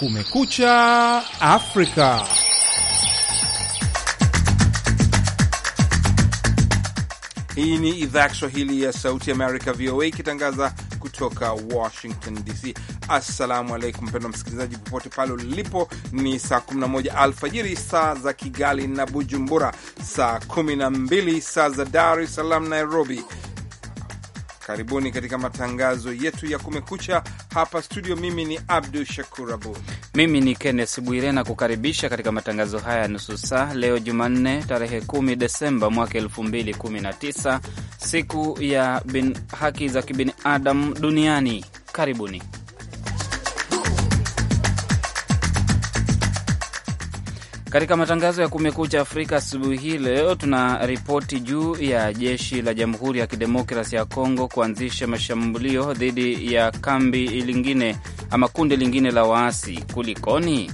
Kumekucha Afrika. Hii ni idhaa ya Kiswahili ya Sauti Amerika, VOA, ikitangaza kutoka Washington DC. Assalamu alaikum mpendwa msikilizaji, popote pale ulipo. Ni saa 11 alfajiri saa za Kigali na Bujumbura, saa 12 saa za Dar es Salaam, Nairobi, Karibuni katika matangazo yetu ya Kumekucha hapa studio. Mimi ni Abdu Shakur Abud, mimi ni Kennes Bwire na kukaribisha katika matangazo haya ya nusu saa leo Jumanne tarehe 10 Desemba mwaka 2019, siku ya bin haki za kibinadamu duniani. Karibuni. Katika matangazo ya Kumekucha Afrika asubuhi hii leo, tuna ripoti juu ya jeshi la Jamhuri ya Kidemokrasi ya Kongo kuanzisha mashambulio dhidi ya kambi lingine ama kundi lingine la waasi. Kulikoni?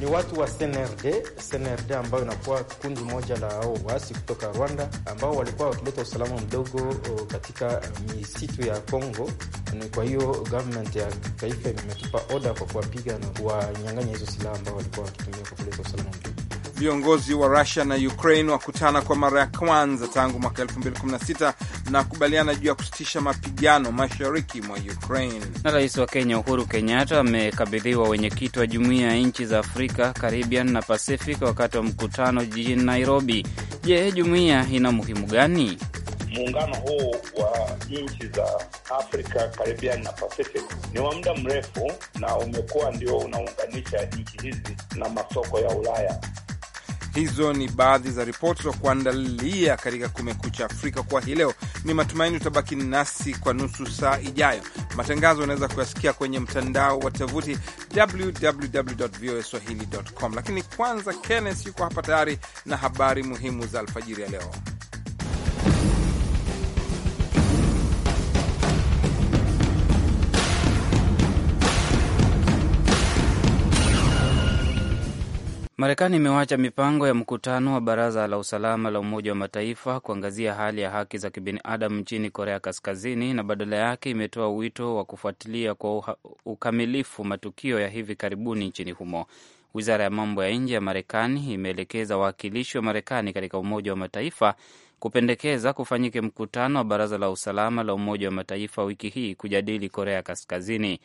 Ni watu wa CNRD CNRD ambayo inakuwa kundi moja la hao waasi kutoka Rwanda ambao walikuwa wakileta usalama mdogo katika misitu ya congo Ni kwa hiyo government ya taifa imetupa oda kwa kuwapiga na kuwanyang'anya hizo silaha ambao walikuwa wakitumia kwa kuleta usalama mdogo. Viongozi wa Rusia na Ukraine wakutana kwa mara ya kwanza tangu mwaka 2016 na kukubaliana juu ya kusitisha mapigano mashariki mwa Ukraine. Na rais wa Kenya Uhuru Kenyatta amekabidhiwa wenyekiti wa Jumuiya ya Nchi za Afrika, Caribbean na Pacific wakati wa mkutano jijini Nairobi. Je, jumuiya ina muhimu gani? Muungano huu wa nchi za Afrika, Caribbean na Pacific ni wa muda mrefu na umekuwa ndio unaunganisha nchi hizi na masoko ya Ulaya. Hizo ni baadhi za ripoti za kuandalia katika Kumekucha Afrika kwa hii leo. Ni matumaini utabaki nasi kwa nusu saa ijayo. Matangazo unaweza kuyasikia kwenye mtandao wa tovuti swahilicom lakini kwanza, Kenneth yuko hapa tayari na habari muhimu za alfajiri ya leo. Marekani imewacha mipango ya mkutano wa Baraza la Usalama la Umoja wa Mataifa kuangazia hali ya haki za kibinadamu nchini Korea Kaskazini na badala yake imetoa wito wa kufuatilia kwa ukamilifu matukio ya hivi karibuni nchini humo. Wizara ya mambo ya nje ya Marekani imeelekeza wawakilishi wa Marekani katika Umoja wa Mataifa kupendekeza kufanyike mkutano wa Baraza la Usalama la Umoja wa Mataifa wiki hii kujadili Korea Kaskazini.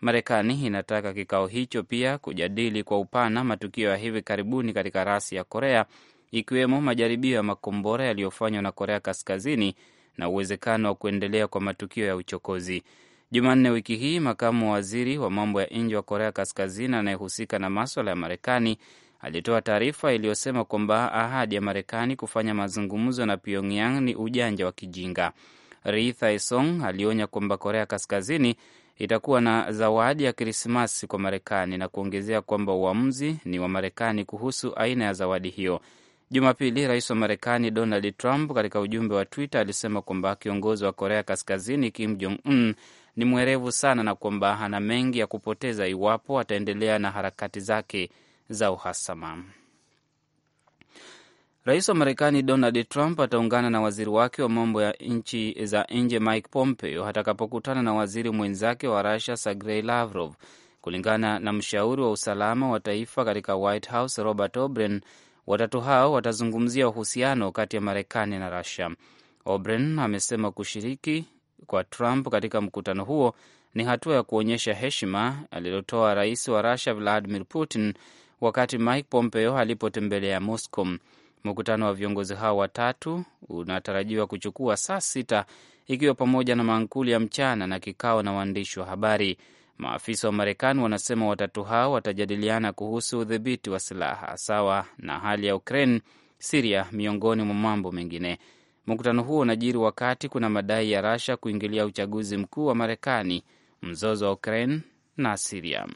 Marekani inataka kikao hicho pia kujadili kwa upana matukio ya hivi karibuni katika rasi ya Korea, ikiwemo majaribio ya makombora yaliyofanywa na Korea Kaskazini na uwezekano wa kuendelea kwa matukio ya uchokozi. Jumanne wiki hii, makamu wa waziri wa mambo ya nje wa Korea Kaskazini anayehusika na maswala ya Marekani alitoa taarifa iliyosema kwamba ahadi ya Marekani kufanya mazungumzo na Pyongyang ni ujanja wa kijinga. Ri Thaesong alionya kwamba Korea Kaskazini itakuwa na zawadi ya Krismasi kwa Marekani na kuongezea kwamba uamuzi ni wa Marekani kuhusu aina ya zawadi hiyo. Jumapili, rais wa Marekani Donald Trump katika ujumbe wa Twitter alisema kwamba kiongozi wa Korea Kaskazini Kim Jong Un ni mwerevu sana na kwamba ana mengi ya kupoteza iwapo ataendelea na harakati zake za uhasama. Rais wa Marekani Donald Trump ataungana na waziri wake wa mambo ya nchi za nje Mike Pompeo atakapokutana na waziri mwenzake wa rusia Sergei Lavrov, kulingana na mshauri wa usalama wa taifa katika White House Robert obren Watatu hao watazungumzia uhusiano kati ya Marekani na rusia obren amesema kushiriki kwa Trump katika mkutano huo ni hatua ya kuonyesha heshima alilotoa rais wa rusia Vladimir Putin wakati Mike Pompeo alipotembelea Moscow. Mkutano wa viongozi hao watatu unatarajiwa kuchukua saa sita ikiwa pamoja na mankuli ya mchana na kikao na waandishi wa habari. Maafisa wa Marekani wanasema watatu hao watajadiliana kuhusu udhibiti wa silaha sawa na hali ya Ukraine, Siria, miongoni mwa mambo mengine. Mkutano huo unajiri wakati kuna madai ya Rasha kuingilia uchaguzi mkuu wa Marekani, mzozo wa Ukraine na Siria.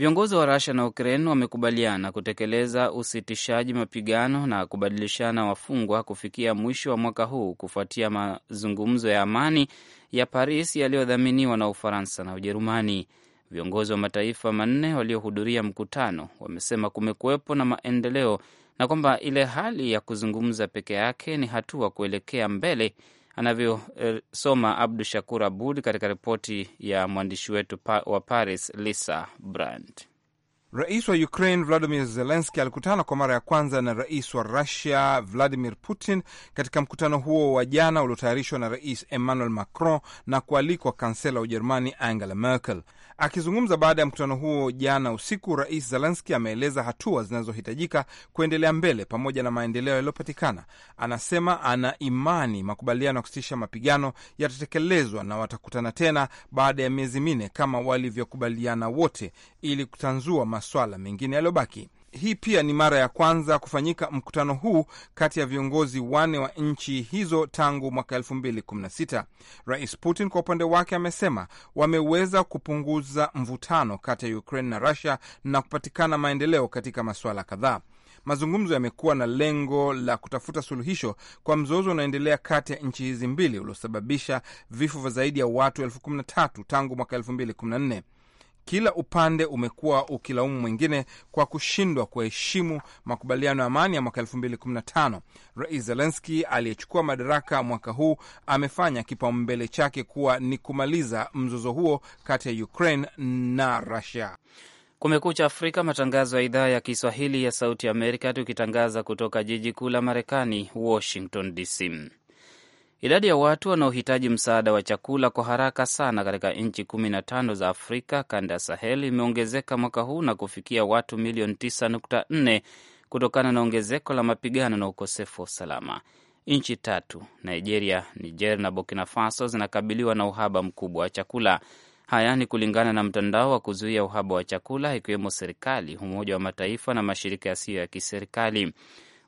Viongozi wa rusia na Ukraine wamekubaliana kutekeleza usitishaji mapigano na kubadilishana wafungwa kufikia mwisho wa mwaka huu kufuatia mazungumzo ya amani ya Paris yaliyodhaminiwa na Ufaransa na Ujerumani. Viongozi wa mataifa manne waliohudhuria mkutano wamesema kumekuwepo na maendeleo na kwamba ile hali ya kuzungumza peke yake ni hatua kuelekea mbele anavyosoma Abdu Shakur Abud katika ripoti ya mwandishi wetu wa Paris, Lisa Brand. Rais wa Ukraine Vladimir Zelenski alikutana kwa mara ya kwanza na rais wa Russia Vladimir Putin katika mkutano huo wa jana uliotayarishwa na Rais Emmanuel Macron na kualikwa kansela wa Ujerumani Angela Merkel. Akizungumza baada ya mkutano huo jana usiku, Rais Zelenski ameeleza hatua zinazohitajika kuendelea mbele pamoja na maendeleo yaliyopatikana. Anasema ana imani makubaliano ya kusitisha mapigano yatatekelezwa na watakutana tena baada ya miezi minne kama walivyokubaliana wote, ili kutanzua maswala mengine yaliyobaki. Hii pia ni mara ya kwanza kufanyika mkutano huu kati ya viongozi wane wa nchi hizo tangu mwaka 2016. Rais Putin kwa upande wake amesema wameweza kupunguza mvutano kati ya Ukraine na Russia na kupatikana maendeleo katika masuala kadhaa. Mazungumzo yamekuwa na lengo la kutafuta suluhisho kwa mzozo unaoendelea kati ya nchi hizi mbili uliosababisha vifo vya zaidi ya watu elfu kumi na tatu tangu mwaka elfu mbili kumi na nne. Kila upande umekuwa ukilaumu mwingine kwa kushindwa kuheshimu makubaliano ya amani ya mwaka 2015. Rais Zelenski aliyechukua madaraka mwaka huu amefanya kipaumbele chake kuwa ni kumaliza mzozo huo kati ya Ukraine na Russia. Kumekucha Afrika, matangazo ya idhaa ya Kiswahili ya Sauti Amerika, tukitangaza kutoka jiji kuu la Marekani, Washington DC. Idadi ya watu wanaohitaji msaada wa chakula kwa haraka sana katika nchi 15 za Afrika kanda ya Sahel imeongezeka mwaka huu na kufikia watu milioni 9.4 kutokana na ongezeko la mapigano na ukosefu wa usalama. Nchi tatu Nigeria, Niger na Burkina Faso zinakabiliwa na uhaba mkubwa wa chakula. Haya ni kulingana na mtandao wa kuzuia uhaba wa chakula, ikiwemo serikali, Umoja wa Mataifa na mashirika yasiyo ya kiserikali.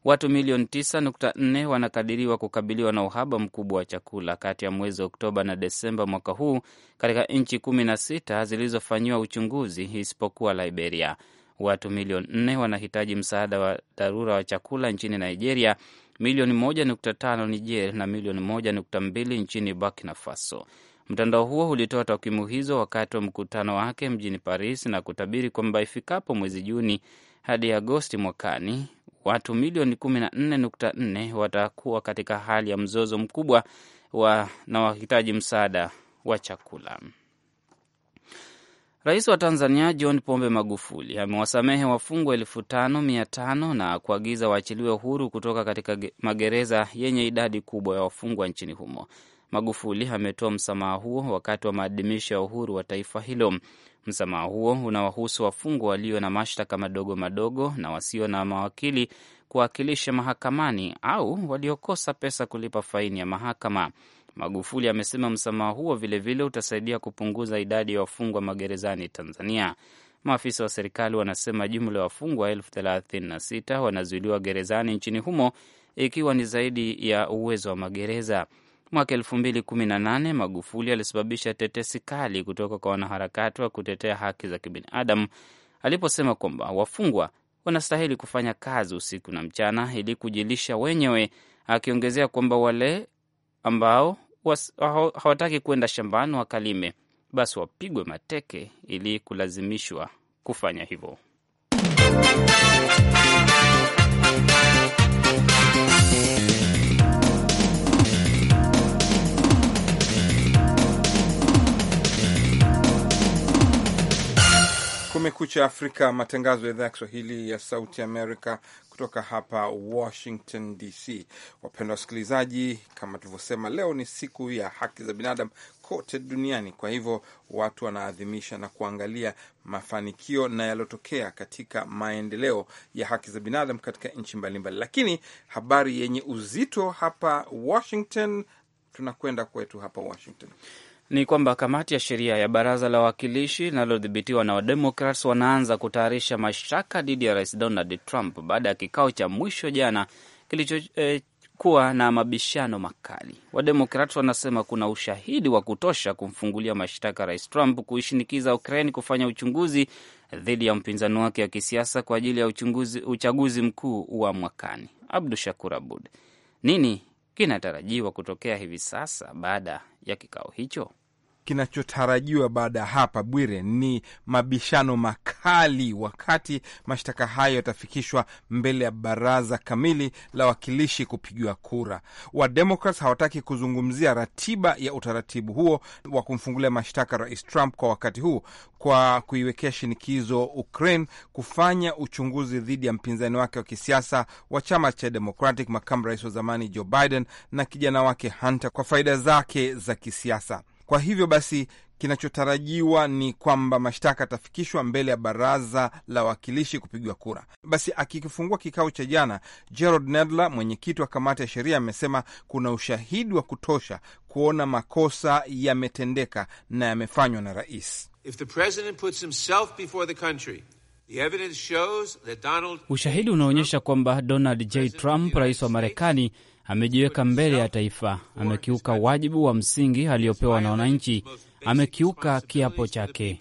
Watu milioni 9.4 wanakadiriwa kukabiliwa na uhaba mkubwa wa chakula kati ya mwezi Oktoba na Desemba mwaka huu katika nchi 16 zilizofanyiwa uchunguzi isipokuwa Liberia. Watu milioni 4 wanahitaji msaada wa dharura wa chakula nchini Nigeria, milioni 1.5 Niger na milioni 1.2 nchini Burkina Faso. Mtandao huo ulitoa takwimu hizo wakati wa mkutano wake mjini Paris na kutabiri kwamba ifikapo mwezi Juni hadi Agosti mwakani, watu milioni 14.4 watakuwa katika hali ya mzozo mkubwa wa, na wahitaji msaada wa chakula. Rais wa Tanzania John Pombe Magufuli amewasamehe wafungwa elfu tano mia tano na kuagiza waachiliwe huru kutoka katika magereza yenye idadi kubwa ya wafungwa nchini humo. Magufuli ametoa msamaha huo wakati wa maadhimisho ya uhuru wa taifa hilo. Msamaha huo unawahusu wafungwa walio na mashtaka madogo madogo na wasio na mawakili kuwakilisha mahakamani au waliokosa pesa kulipa faini ya mahakama. Magufuli amesema msamaha huo vilevile vile utasaidia kupunguza idadi ya wafungwa magerezani Tanzania. Maafisa wa serikali wanasema jumla ya wafungwa elfu thelathini na sita wanazuiliwa gerezani nchini humo, ikiwa ni zaidi ya uwezo wa magereza. Mwaka elfu mbili kumi na nane Magufuli alisababisha tetesi kali kutoka kwa wanaharakati wa kutetea haki za kibinadamu aliposema kwamba wafungwa wanastahili kufanya kazi usiku na mchana ili kujilisha wenyewe, akiongezea kwamba wale ambao hawataki kwenda shambani wakalime, basi wapigwe mateke ili kulazimishwa kufanya hivyo. Kumekucha Afrika, matangazo ya idhaa ya Kiswahili ya Sauti Amerika kutoka hapa Washington DC. Wapendwa wasikilizaji, kama tulivyosema, leo ni siku ya haki za binadamu kote duniani. Kwa hivyo watu wanaadhimisha na kuangalia mafanikio na yaliyotokea katika maendeleo ya haki za binadamu katika nchi mbalimbali, lakini habari yenye uzito hapa Washington, tunakwenda kwetu hapa Washington ni kwamba kamati ya sheria ya baraza la wawakilishi linalodhibitiwa na Wademokrat wanaanza kutayarisha mashtaka dhidi ya rais Donald Trump baada ya kikao cha mwisho jana kilichokuwa eh, na mabishano makali. wademokrat wanasema kuna ushahidi wa kutosha kumfungulia mashtaka rais Trump kuishinikiza Ukraine kufanya uchunguzi dhidi ya mpinzani wake wa kisiasa kwa ajili ya uchunguzi, uchaguzi mkuu wa mwakani. Abdu Shakur Abud, nini kinatarajiwa kutokea hivi sasa baada ya kikao hicho? kinachotarajiwa baada ya hapa, Bwire, ni mabishano makali wakati mashtaka hayo yatafikishwa mbele ya baraza kamili la wakilishi kupigiwa kura. Wademokrat hawataki kuzungumzia ratiba ya utaratibu huo wa kumfungulia mashtaka Rais Trump kwa wakati huu, kwa kuiwekea shinikizo Ukraine kufanya uchunguzi dhidi ya mpinzani wake wa kisiasa wa chama cha Democratic, makamu rais wa zamani Joe Biden na kijana wake Hunter kwa faida zake za kisiasa. Kwa hivyo basi kinachotarajiwa ni kwamba mashtaka yatafikishwa mbele ya baraza la wawakilishi kupigwa kura. Basi akikifungua kikao cha jana, Gerald Nedler, mwenyekiti wa kamati ya sheria, amesema kuna ushahidi wa kutosha kuona makosa yametendeka na yamefanywa na rais. If the president puts himself before the country, the evidence shows that Donald... ushahidi unaonyesha kwamba Donald J. Trump, rais wa Marekani, amejiweka mbele ya taifa, amekiuka wajibu wa msingi aliyopewa na wananchi, amekiuka kiapo chake.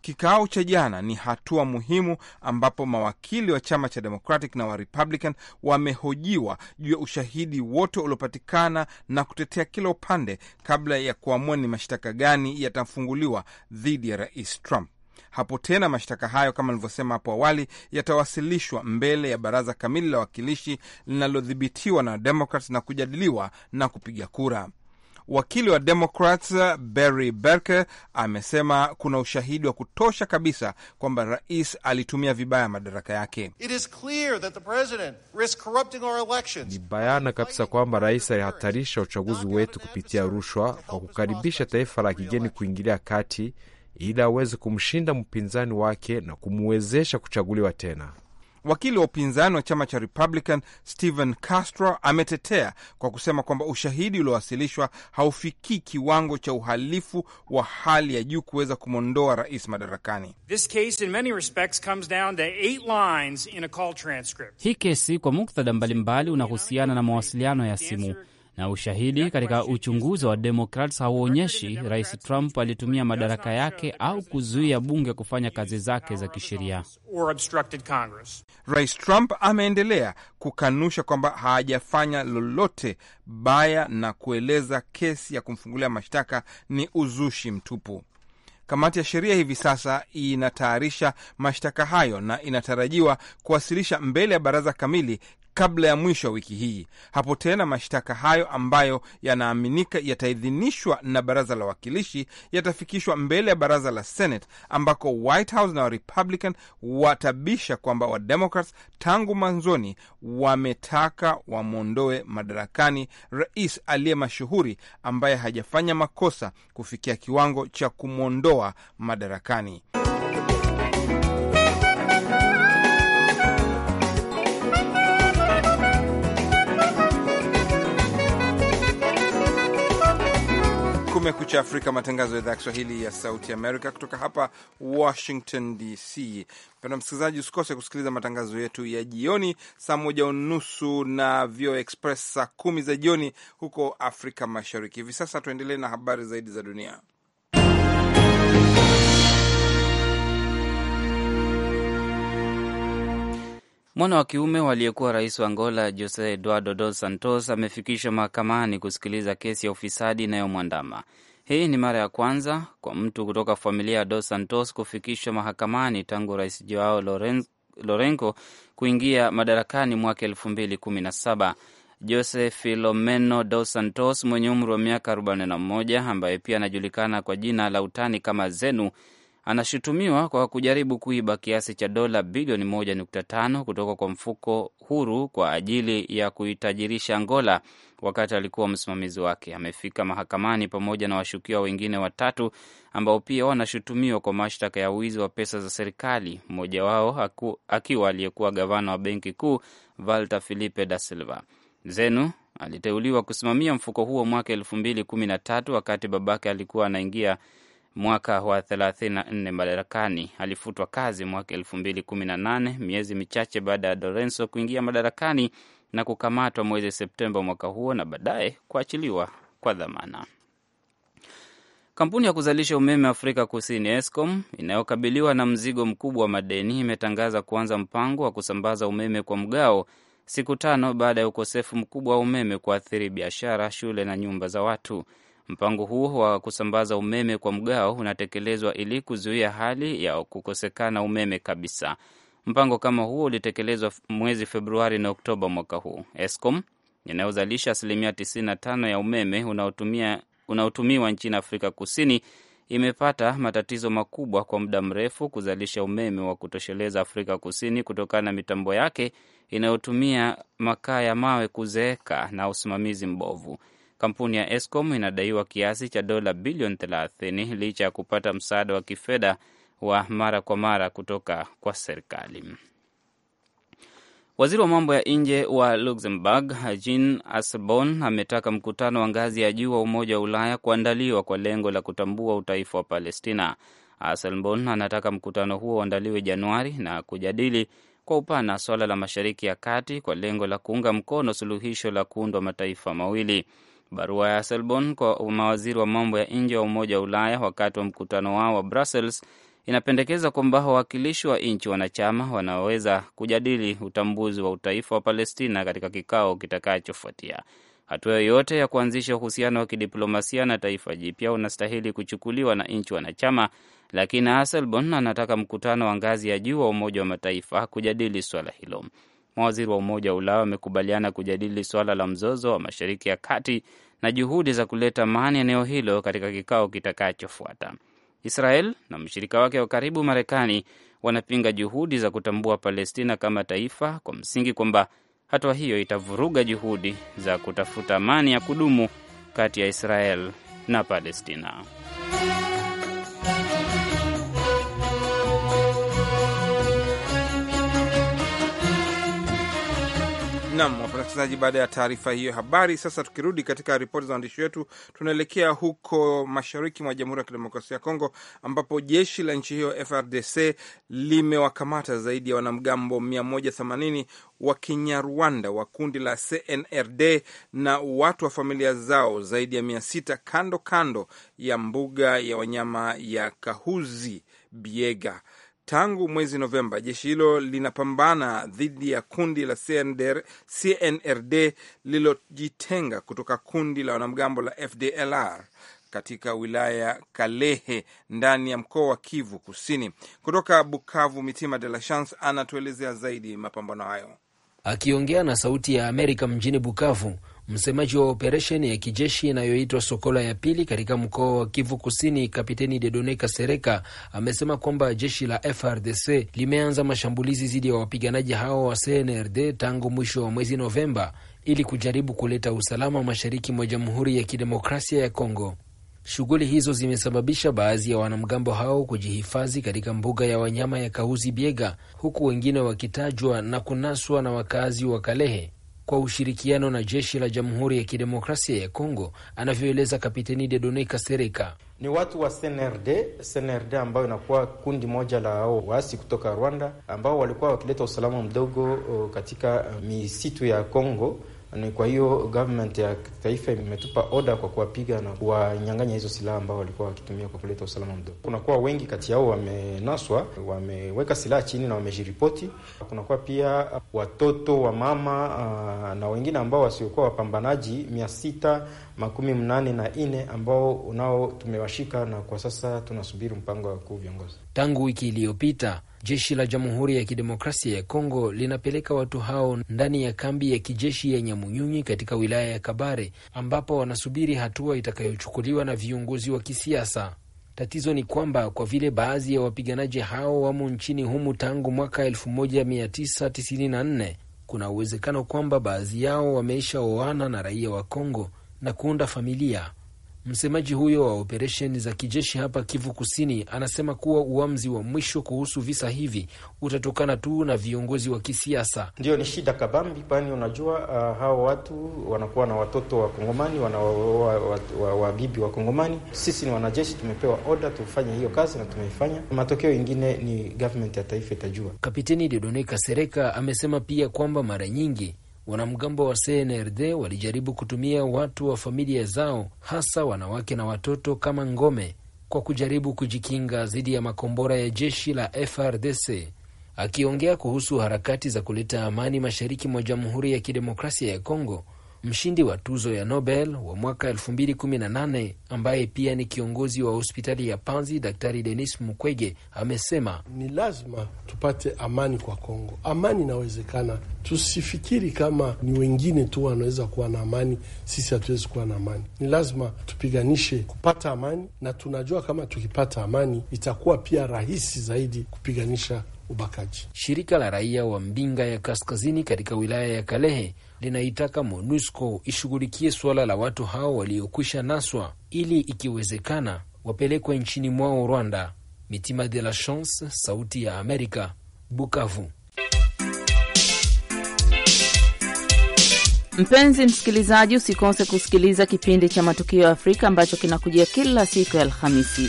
Kikao cha jana ni hatua muhimu ambapo mawakili wa chama cha Democratic na wa Republican wamehojiwa juu ya ushahidi wote uliopatikana na kutetea kila upande kabla ya kuamua ni mashtaka gani yatafunguliwa dhidi ya Rais Trump. Hapo tena mashtaka hayo kama alivyosema hapo awali yatawasilishwa mbele ya baraza kamili la wakilishi linalodhibitiwa na Democrats na kujadiliwa na kupiga kura. Wakili wa Democrats Barry Berke amesema kuna ushahidi wa kutosha kabisa kwamba rais alitumia vibaya madaraka yake. Ni bayana kabisa kwamba rais alihatarisha uchaguzi wetu kupitia rushwa kwa kukaribisha taifa la kigeni kuingilia kati ili aweze kumshinda mpinzani wake na kumwezesha kuchaguliwa tena. Wakili wa upinzani wa chama cha Republican Stephen Castro ametetea kwa kusema kwamba ushahidi uliowasilishwa haufikii kiwango cha uhalifu wa hali ya juu kuweza kumwondoa rais madarakani. Hii kesi kwa muktadha mbalimbali unahusiana na mawasiliano ya simu na ushahidi katika uchunguzi wa Democrats hauonyeshi Rais Trump alitumia madaraka yake au kuzuia bunge kufanya kazi zake za kisheria. Rais Trump ameendelea kukanusha kwamba hajafanya lolote baya na kueleza kesi ya kumfungulia mashtaka ni uzushi mtupu. Kamati ya sheria hivi sasa inatayarisha mashtaka hayo na inatarajiwa kuwasilisha mbele ya baraza kamili kabla ya mwisho wa wiki hii. Hapo tena mashtaka hayo ambayo yanaaminika yataidhinishwa na baraza la wawakilishi yatafikishwa mbele ya baraza la Senate, ambako White House na Warepublican watabisha kwamba Wademocrats tangu mwanzoni wametaka wamwondoe madarakani rais aliye mashuhuri ambaye hajafanya makosa kufikia kiwango cha kumwondoa madarakani. Kumekucha Afrika, matangazo ya idhaa ya Kiswahili ya Sauti Amerika kutoka hapa Washington DC. Mpendwa msikilizaji, usikose kusikiliza matangazo yetu ya jioni saa moja unusu na VOA Express saa kumi za jioni huko Afrika Mashariki. Hivi sasa tuendelee na habari zaidi za dunia. Mwana wa kiume waliyekuwa rais wa Angola Jose Eduardo dos Santos amefikishwa mahakamani kusikiliza kesi ya ufisadi inayomwandama. Hii ni mara ya kwanza kwa mtu kutoka familia ya dos Santos kufikishwa mahakamani tangu rais Joao Lourenco kuingia madarakani mwaka elfu mbili kumi na saba. Jose Filomeno dos Santos mwenye umri wa miaka 41 ambaye pia anajulikana kwa jina la utani kama Zenu anashutumiwa kwa kujaribu kuiba kiasi cha dola bilioni 1.5 kutoka kwa mfuko huru kwa ajili ya kuitajirisha Angola wakati alikuwa msimamizi wake. Amefika mahakamani pamoja na washukiwa wengine watatu ambao pia wanashutumiwa kwa mashtaka ya wizi wa pesa za serikali, mmoja wao akiwa aliyekuwa gavana wa benki kuu Valter Filipe da Silva. Zenu aliteuliwa kusimamia mfuko huo mwaka 2013 wakati babake alikuwa anaingia mwaka wa 34 madarakani. Alifutwa kazi mwaka 2018 miezi michache baada ya Dorenso kuingia madarakani na kukamatwa mwezi Septemba mwaka huo na baadaye kuachiliwa kwa dhamana. Kampuni ya kuzalisha umeme Afrika Kusini Eskom inayokabiliwa na mzigo mkubwa wa madeni imetangaza kuanza mpango wa kusambaza umeme kwa mgao siku tano baada ya ukosefu mkubwa wa umeme kuathiri biashara, shule na nyumba za watu. Mpango huo wa kusambaza umeme kwa mgao unatekelezwa ili kuzuia hali ya kukosekana umeme kabisa. Mpango kama huo ulitekelezwa mwezi Februari na Oktoba mwaka huu. Eskom inayozalisha asilimia 95 ya umeme unaotumiwa nchini Afrika Kusini imepata matatizo makubwa kwa muda mrefu kuzalisha umeme wa kutosheleza Afrika Kusini kutokana na mitambo yake inayotumia makaa ya mawe kuzeeka na usimamizi mbovu. Kampuni ya Eskom inadaiwa kiasi cha dola bilioni 30 licha ya kupata msaada wa kifedha wa mara kwa mara kutoka kwa serikali. Waziri wa mambo ya nje wa Luxembourg Jean Asselborn ametaka mkutano wa ngazi ya juu wa Umoja wa Ulaya kuandaliwa kwa lengo la kutambua utaifa wa Palestina. Asselborn anataka mkutano huo uandaliwe Januari na kujadili kwa upana swala la Mashariki ya Kati kwa lengo la kuunga mkono suluhisho la kuundwa mataifa mawili barua ya Selborn kwa mawaziri wa mambo ya nje wa Umoja wa Ulaya wakati wa mkutano wao wa Brussels inapendekeza kwamba wawakilishi wa nchi wanachama wanaweza kujadili utambuzi wa utaifa wa Palestina katika kikao kitakachofuatia. Hatua yoyote ya kuanzisha uhusiano wa kidiplomasia na taifa jipya unastahili kuchukuliwa na nchi wanachama, lakini aselbon anataka mkutano wa ngazi ya juu wa Umoja wa Mataifa kujadili swala hilo. Mawaziri wa Umoja wa Ulaya wamekubaliana kujadili swala la mzozo wa Mashariki ya Kati na juhudi za kuleta amani eneo hilo katika kikao kitakachofuata. Israel na mshirika wake wa karibu Marekani wanapinga juhudi za kutambua Palestina kama taifa kwa msingi kwamba hatua hiyo itavuruga juhudi za kutafuta amani ya kudumu kati ya Israel na Palestina. Nam wasikilizaji, baada ya taarifa hiyo habari. Sasa tukirudi katika ripoti za waandishi wetu, tunaelekea huko mashariki mwa Jamhuri ya Kidemokrasia ya Kongo, ambapo jeshi la nchi hiyo FRDC limewakamata zaidi ya wanamgambo 180 wa Kinyarwanda wa kundi la CNRD na watu wa familia zao zaidi ya 600 kando kando ya mbuga ya wanyama ya Kahuzi Biega. Tangu mwezi Novemba, jeshi hilo linapambana dhidi ya kundi la CNDR, CNRD lililojitenga kutoka kundi la wanamgambo la FDLR katika wilaya ya Kalehe ndani ya mkoa wa Kivu Kusini. Kutoka Bukavu, Mitima De La Chance anatuelezea zaidi mapambano hayo, akiongea na Sauti ya Amerika mjini Bukavu. Msemaji wa operesheni ya kijeshi inayoitwa Sokola ya pili katika mkoa wa Kivu Kusini, Kapiteni Dedone Kasereka amesema kwamba jeshi la FRDC limeanza mashambulizi dhidi ya wapiganaji hao wa CNRD tangu mwisho wa mwezi Novemba ili kujaribu kuleta usalama mashariki mwa Jamhuri ya Kidemokrasia ya Kongo. Shughuli hizo zimesababisha baadhi ya wanamgambo hao kujihifadhi katika mbuga ya wanyama ya Kahuzi Biega, huku wengine wakitajwa na kunaswa na wakazi wa Kalehe kwa ushirikiano na jeshi la Jamhuri ya Kidemokrasia ya Kongo, anavyoeleza Kapiteni Dedone Kasereka. Ni watu wa SNRD, SNRD ambayo inakuwa kundi moja la waasi kutoka Rwanda ambao walikuwa wakileta usalama mdogo oh, katika eh, misitu ya Kongo ni kwa hiyo government ya taifa imetupa oda kwa kuwapiga na kuwanyang'anya hizo silaha ambao walikuwa wakitumia kwa kuleta usalama mdogo. Kunakuwa wengi kati yao wamenaswa, wameweka silaha chini na wamejiripoti. Kunakuwa pia watoto wa mama ah, na wengine ambao wasiokuwa wapambanaji mia sita makumi mnane na nne ambao nao tumewashika, na kwa sasa tunasubiri mpango wa kuu viongozi tangu wiki iliyopita. Jeshi la Jamhuri ya Kidemokrasia ya Kongo linapeleka watu hao ndani ya kambi ya kijeshi ya Nyamunyunyi katika wilaya ya Kabare, ambapo wanasubiri hatua itakayochukuliwa na viongozi wa kisiasa. Tatizo ni kwamba kwa vile baadhi ya wapiganaji hao wamo nchini humu tangu mwaka 1994 kuna uwezekano kwamba baadhi yao wameisha oana na raia wa Kongo na kuunda familia. Msemaji huyo wa operesheni za kijeshi hapa Kivu Kusini anasema kuwa uamuzi wa mwisho kuhusu visa hivi utatokana tu na viongozi wa kisiasa. Ndiyo ni shida kabambi, kwani unajua uh, hawa watu wanakuwa na watoto wakongomani wa wakongomani. Sisi ni wanajeshi, tumepewa oda tufanye hiyo kazi na tumeifanya. Matokeo yengine ni government ya taifa itajua. Kapiteni Dodone Kasereka amesema pia kwamba mara nyingi Wanamgambo wa CNRD walijaribu kutumia watu wa familia zao, hasa wanawake na watoto, kama ngome kwa kujaribu kujikinga dhidi ya makombora ya jeshi la FRDC. Akiongea kuhusu harakati za kuleta amani mashariki mwa Jamhuri ya Kidemokrasia ya Kongo, mshindi wa tuzo ya Nobel wa mwaka 2018 ambaye pia ni kiongozi wa hospitali ya Panzi, Daktari Denis Mukwege amesema ni lazima tupate amani kwa Kongo. Amani inawezekana, tusifikiri kama ni wengine tu wanaweza kuwa na amani, sisi hatuwezi kuwa na amani. Ni lazima tupiganishe kupata amani, na tunajua kama tukipata amani itakuwa pia rahisi zaidi kupiganisha ubakaji. Shirika la raia wa Mbinga ya Kaskazini katika wilaya ya Kalehe linaitaka MONUSCO ishughulikie suala la watu hao waliokwisha naswa ili ikiwezekana wapelekwe nchini mwao Rwanda. Mitima de la Chance, Sauti ya Amerika, Bukavu. Mpenzi msikilizaji, usikose kusikiliza kipindi cha Matukio ya Afrika ambacho kinakujia kila siku ya Alhamisi.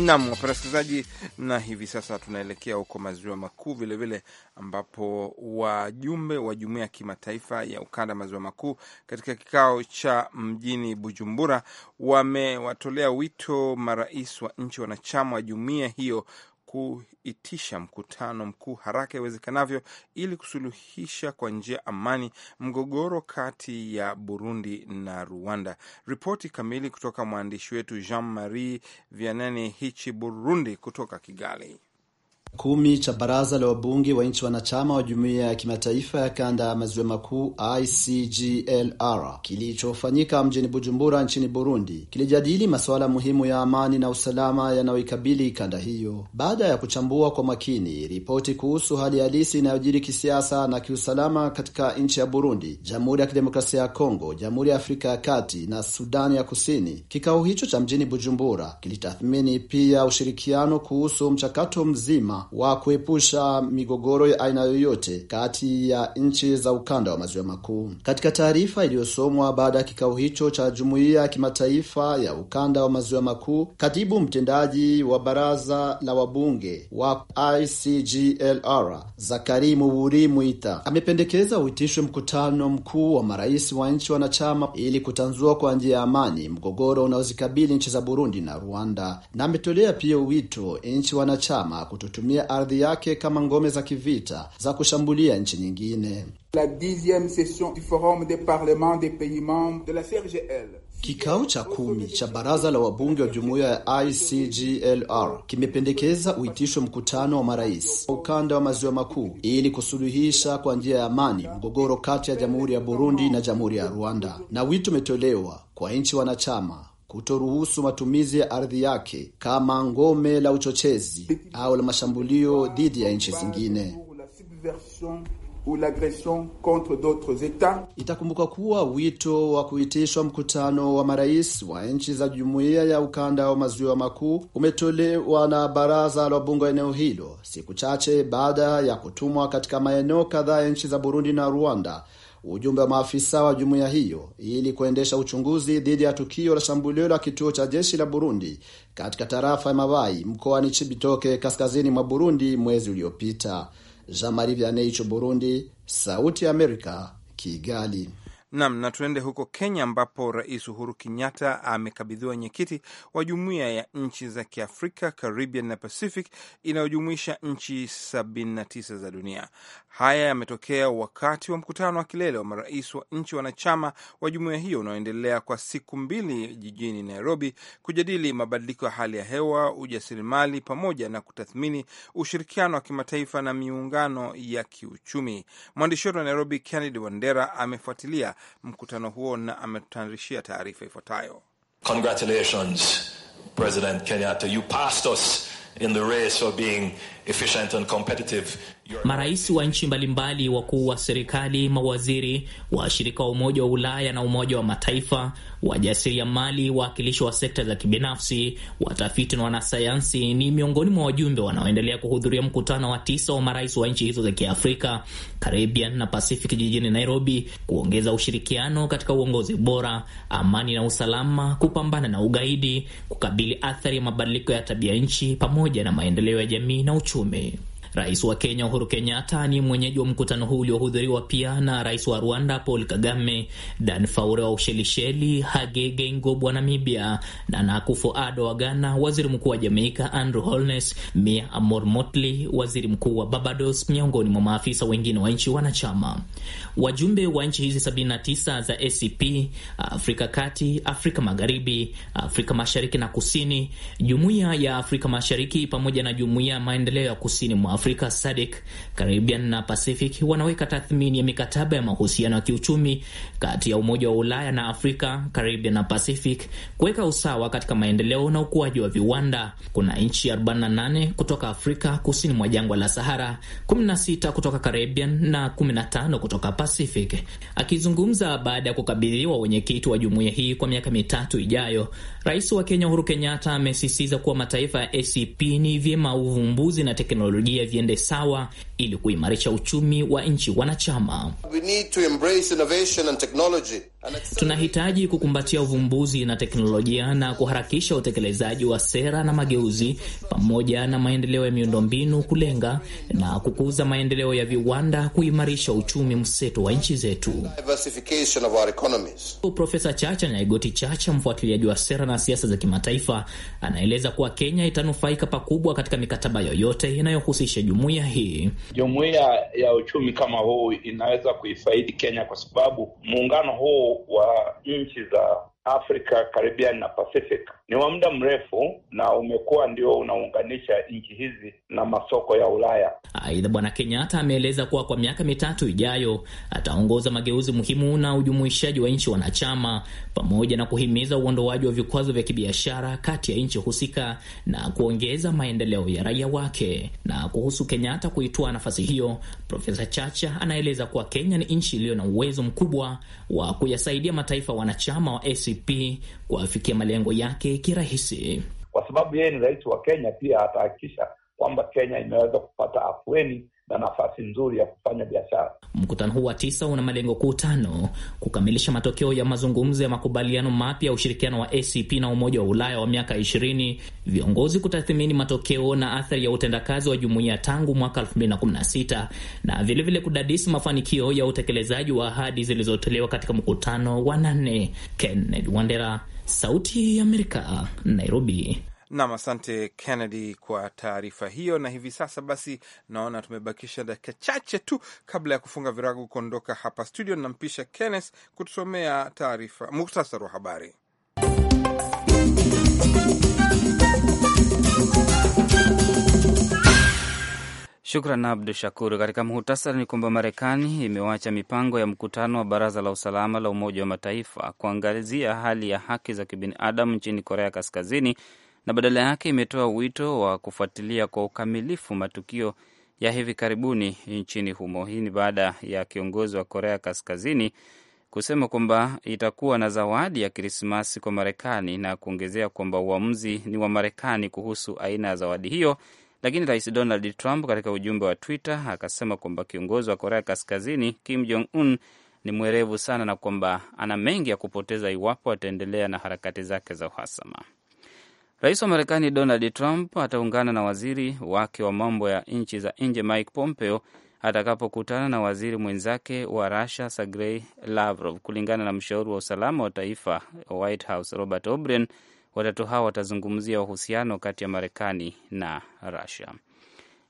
Nam wapenda wasikilizaji, na hivi sasa tunaelekea huko maziwa makuu vilevile, ambapo wajumbe wa jumuiya ya kimataifa ya ukanda maziwa makuu katika kikao cha mjini Bujumbura wamewatolea wito marais wa nchi wanachama wa jumuiya hiyo kuitisha mkutano mkuu haraka iwezekanavyo ili kusuluhisha kwa njia amani mgogoro kati ya Burundi na Rwanda. Ripoti kamili kutoka mwandishi wetu Jean Marie Vianney Hichi Burundi kutoka Kigali kumi cha baraza la wabunge wa nchi wanachama wa jumuiya ya kimataifa ya kanda ya maziwa makuu ICGLR kilichofanyika mjini Bujumbura nchini Burundi kilijadili masuala muhimu ya amani na usalama yanayoikabili kanda hiyo. Baada ya kuchambua kwa makini ripoti kuhusu hali halisi inayojiri kisiasa na kiusalama katika nchi ya Burundi, Jamhuri ya Kidemokrasia ya Kongo, Jamhuri ya Afrika ya Kati na Sudani ya Kusini, kikao hicho cha mjini Bujumbura kilitathmini pia ushirikiano kuhusu mchakato mzima wa kuepusha migogoro ya aina yoyote kati ya nchi za ukanda wa maziwa makuu. Katika taarifa iliyosomwa baada ya kikao hicho cha jumuiya ya kimataifa ya ukanda wa maziwa makuu, katibu mtendaji wa baraza la wabunge wa ICGLR Zakari Muburi Mwita amependekeza uitishwe mkutano mkuu wa marais wa nchi wanachama ili kutanzua kwa njia ya amani mgogoro unaozikabili nchi za Burundi na Rwanda, na ametolea pia wito nchi wanachama kutotumia kutumia ardhi yake kama ngome za kivita za kushambulia nchi nyingine. La dixième session du forum des parlements des pays membres de la CRGL. Kikao cha kumi cha baraza la wabunge wa jumuiya ya ICGLR kimependekeza uitishwe mkutano wa marais wa ukanda wa maziwa makuu ili kusuluhisha kwa njia ya amani mgogoro kati ya jamhuri ya Burundi na jamhuri ya Rwanda, na wito umetolewa kwa nchi wanachama kutoruhusu matumizi ya ardhi yake kama ngome la uchochezi au la mashambulio dhidi ya nchi zingine. Itakumbuka kuwa wito wa kuitishwa mkutano wa marais wa nchi za jumuiya ya ukanda wa maziwa makuu umetolewa na baraza la wabunge wa eneo hilo siku chache baada ya kutumwa katika maeneo kadhaa ya nchi za Burundi na Rwanda ujumbe wa maafisa wa jumuiya hiyo ili kuendesha uchunguzi dhidi ya tukio la shambulio la kituo cha jeshi la Burundi katika tarafa ya Mavai mkoani Chibitoke kaskazini mwa Burundi mwezi uliopita. Jean Marie Vianney, Burundi, Sauti ya Amerika, Kigali. Nam, na tuende huko Kenya ambapo Rais Uhuru Kenyatta amekabidhiwa wenyekiti wa jumuiya ya nchi za Kiafrika, Caribbean na Pacific inayojumuisha nchi 79 za dunia. Haya yametokea wakati wa mkutano wa kilele wa marais wa nchi wanachama wa jumuiya hiyo unaoendelea kwa siku mbili jijini Nairobi, kujadili mabadiliko ya hali ya hewa, ujasiriamali, pamoja na kutathmini ushirikiano wa kimataifa na miungano ya kiuchumi. Mwandishi wetu wa Nairobi, Kennedy Wandera, amefuatilia mkutano huo na ametutayarishia taarifa ifuatayo. Congratulations President Kenyatta, you passed us in the race for being efficient and competitive Marais wa nchi mbalimbali, wakuu wa serikali, mawaziri, washirika wa Umoja wa Ulaya na Umoja wa Mataifa, wajasiriamali, wawakilishi wa sekta za kibinafsi, watafiti na wanasayansi ni miongoni mwa wajumbe wanaoendelea kuhudhuria mkutano wa tisa wa marais wa nchi hizo za Kiafrika, Caribbean na Pacific jijini Nairobi, kuongeza ushirikiano katika uongozi bora, amani na usalama, kupambana na ugaidi, kukabili athari ya mabadiliko ya tabia nchi, pamoja na maendeleo ya jamii na uchumi. Rais wa Kenya Uhuru Kenyatta ni mwenyeji wa mkutano huu uliohudhuriwa pia na rais wa Rwanda Paul Kagame, Dan Faure wa Ushelisheli, Hage Geingob wa Namibia, Nana Akufo-Addo wa Ghana, waziri mkuu wa Jamaika Andrew Holness, Mia Amor Motley waziri mkuu wa Barbados, miongoni mwa maafisa wengine wa nchi wanachama. Wajumbe wa nchi hizi 79 za ACP, Afrika Kati, Afrika Magharibi, Afrika Mashariki na Kusini, Jumuiya ya Afrika Mashariki pamoja na Jumuiya ya Maendeleo ya Kusini mwa Afrika SADC, Caribbean na Pacific wanaweka tathmini ya mikataba ya mahusiano ya kiuchumi kati ya Umoja wa Ulaya na Afrika, Caribbean na Pacific kuweka usawa katika maendeleo na ukuaji wa viwanda. Kuna nchi 48 kutoka Afrika kusini mwa jangwa la Sahara, 16 kutoka Caribbean na 15 kutoka Pacific. Akizungumza baada ya kukabidhiwa wenyekiti wa jumuiya hii kwa miaka mitatu ijayo, Rais wa Kenya Uhuru Kenyatta amesisitiza kuwa mataifa ya ACP ni vyema uvumbuzi na teknolojia viende sawa ili kuimarisha uchumi wa nchi wanachama. We need to embrace innovation and technology. Tunahitaji kukumbatia uvumbuzi na teknolojia na kuharakisha utekelezaji wa sera na mageuzi pamoja na maendeleo ya miundombinu, kulenga na kukuza maendeleo ya viwanda, kuimarisha uchumi mseto wa nchi zetu. Profesa Chacha Nyaigoti Chacha, mfuatiliaji wa sera na siasa za kimataifa, anaeleza kuwa Kenya itanufaika pakubwa katika mikataba yoyote inayohusisha jumuiya hii. Jumuiya ya uchumi kama huu inaweza kuifaidi Kenya kwa sababu muungano huu wa nchi za Afrika, Caribbean na Pacific ni wa muda mrefu na umekuwa ndio unaunganisha nchi hizi na masoko ya Ulaya. Aidha, Bwana Kenyatta ameeleza kuwa kwa miaka mitatu ijayo ataongoza mageuzi muhimu na ujumuishaji wa nchi wanachama pamoja na kuhimiza uondoaji wa vikwazo vya kibiashara kati ya nchi husika na kuongeza maendeleo ya raia wake. Na kuhusu Kenyatta kuitwa nafasi hiyo, Profesa Chacha anaeleza kuwa Kenya ni nchi iliyo na uwezo mkubwa wa kuyasaidia mataifa wanachama wa ACP kuafikia malengo yake kirahisi. Kwa sababu yeye ni rais wa Kenya, pia atahakikisha kwamba Kenya imeweza kupata afueni na nafasi nzuri ya kufanya biashara. Mkutano huu wa tisa una malengo kuu tano: kukamilisha matokeo ya mazungumzo ya makubaliano mapya ya ushirikiano wa ACP na Umoja wa Ulaya wa miaka ishirini, viongozi kutathimini matokeo na athari ya utendakazi wa jumuiya tangu mwaka 2016 na vilevile kudadisi mafanikio ya utekelezaji wa ahadi zilizotolewa katika mkutano wa nane. Kenneth Wandera, Sauti ya Amerika, Nairobi. Nam, asante Kennedy kwa taarifa hiyo. Na hivi sasa basi, naona tumebakisha dakika chache tu kabla ya kufunga virago kuondoka hapa studio. Nampisha Kenneth kutusomea taarifa, muktasari wa habari. Shukran Abdu Shakur. Katika muhutasari ni kwamba Marekani imewacha mipango ya mkutano wa Baraza la Usalama la Umoja wa Mataifa kuangazia hali ya haki za kibinadamu nchini Korea Kaskazini na badala yake imetoa wito wa kufuatilia kwa ukamilifu matukio ya hivi karibuni nchini humo. Hii ni baada ya kiongozi wa Korea Kaskazini kusema kwamba itakuwa na zawadi ya Krismasi kwa Marekani na kuongezea kwamba uamuzi ni wa Marekani kuhusu aina ya zawadi hiyo. Lakini Rais Donald Trump katika ujumbe wa Twitter akasema kwamba kiongozi wa Korea Kaskazini Kim Jong Un ni mwerevu sana na kwamba ana mengi ya kupoteza iwapo ataendelea na harakati zake za uhasama. Rais wa Marekani Donald Trump ataungana na waziri wake wa mambo ya nchi za nje Mike Pompeo atakapokutana na waziri mwenzake wa rusia Sergei Lavrov, kulingana na mshauri wa usalama wa taifa wa White House Robert O'Brien. Watatu hao watazungumzia uhusiano kati ya Marekani na Russia.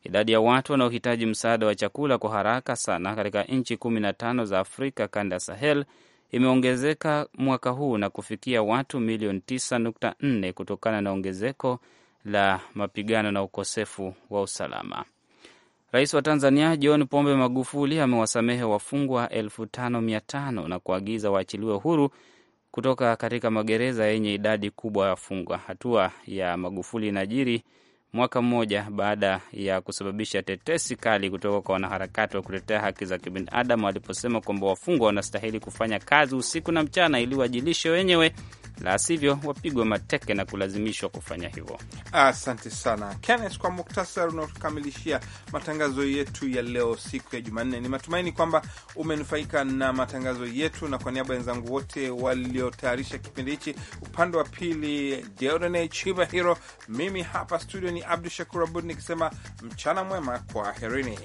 Idadi ya watu wanaohitaji msaada wa chakula kwa haraka sana katika nchi kumi na tano za Afrika kanda ya Sahel imeongezeka mwaka huu na kufikia watu milioni 9.4 kutokana na ongezeko la mapigano na ukosefu wa usalama. Rais wa Tanzania John Pombe Magufuli amewasamehe wafungwa 55 na kuagiza waachiliwe huru kutoka katika magereza yenye idadi kubwa ya wafungwa. Hatua ya Magufuli inajiri mwaka mmoja baada ya kusababisha tetesi kali kutoka kwa wanaharakati wa kutetea haki za kibinadamu waliposema kwamba wafungwa wanastahili kufanya kazi usiku na mchana ili wajilishe wenyewe, la sivyo wapigwe mateke na kulazimishwa kufanya hivyo. Asante sana Kenneth kwa muktasari unaokamilishia matangazo yetu ya leo, siku ya Jumanne. Ni matumaini kwamba umenufaika na matangazo yetu, na kwa niaba ya wenzangu wote waliotayarisha kipindi hichi, upande wa pili Deodone Chiba Hiro, mimi hapa studio ni Abdu Shakur Abud nikisema mchana mwema, kwa herini